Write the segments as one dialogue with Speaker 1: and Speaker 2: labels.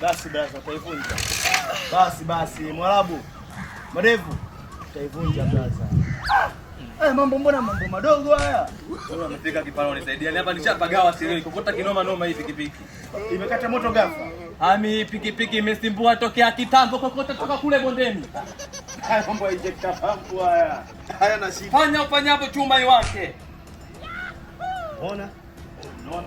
Speaker 1: Basi basi, utaivunja. Basi basi, Mwarabu, Madevu, utaivunja blaza. Eh, mambo mbona mambo madogo haya. Wewe umefika kipano unisaidia. Ni Hapa nishapagawa siri. Kukuta kinoma noma hii pikipiki. Imekata moto gafa. Ami pikipiki imesimbua tokea kitambo kokota toka kule bondeni. Haya mambo ya injector pampu haya. Haya na shida. Fanya ufanyapo chuma iwake. Ona. Unaona?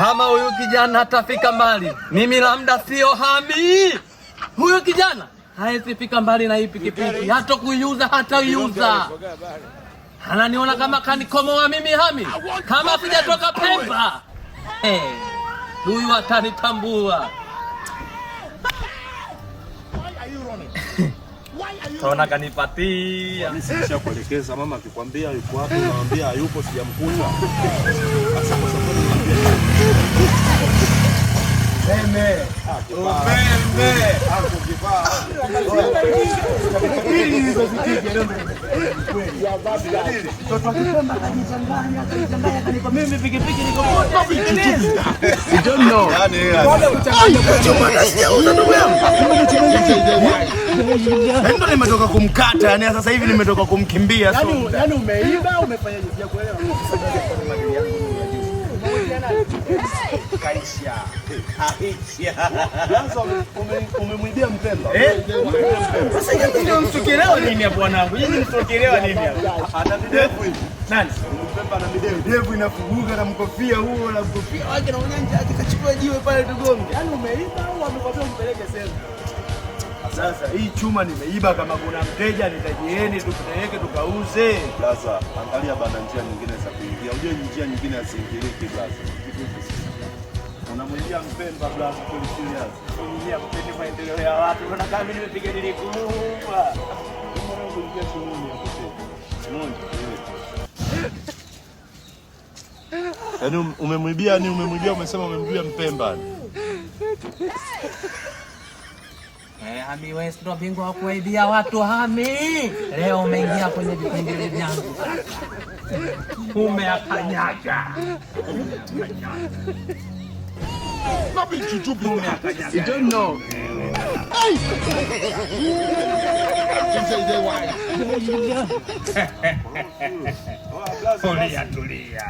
Speaker 1: Kama huyu kijana hatafika mbali, mimi labda sio hami. Huyu kijana fika mbali na hii pikipiki, hata kuiuza hataiuza. Ananiona kama kanikomoa mimi hami, kama sijatoka Pemba. Hey, eh, huyu atanitambua. Tunaona kanipatia.
Speaker 2: Nisha kuelekeza mama akikwambia yuko wapi, unamwambia hayupo sijamkuta. Sasa kwa sababu
Speaker 1: Ndo nimetoka kumkata, yani sasa hivi nimetoka kumkimbia. umeiba, umefanya Umemwibia Mpemba. nini hapo wanangu? Hivi na mkofia huo na mkofia wake na ujanja akachukua jiwe pale tugonge. Yaani umeiba au amekwambia umpeleke sehemu? Sasa hii chuma nimeiba, kama kuna mteja nitajieni, tukupeleke tukauze. Sasa angalia bana njia nyingine za kuingia, unajua njia nyingine asiingiliki. Sasa unamwingia Mpemba blaza, kulia kupenda maendeleo ya watu, kuna kama nimepiga nilikuuma kuingia shuleni yaani umemwibia, ni yaani umemwibia, umesema umemwibia Mpemba. Eh, Hami West ndo bingwa wa kuaibia watu Hami. Leo umeingia kwenye vipengele vyangu. Umeakanyaga. don't know. Tulia, tulia.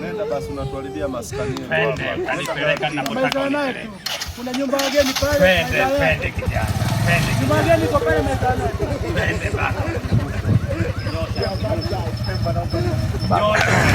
Speaker 1: Nenda basi unatuharibia maskani. Nenda, kanipeleka ninapotaka. Kuna nyumba wageni pale. Twende, twende kijana. Nyumba wageni iko pale meza. Twende bana.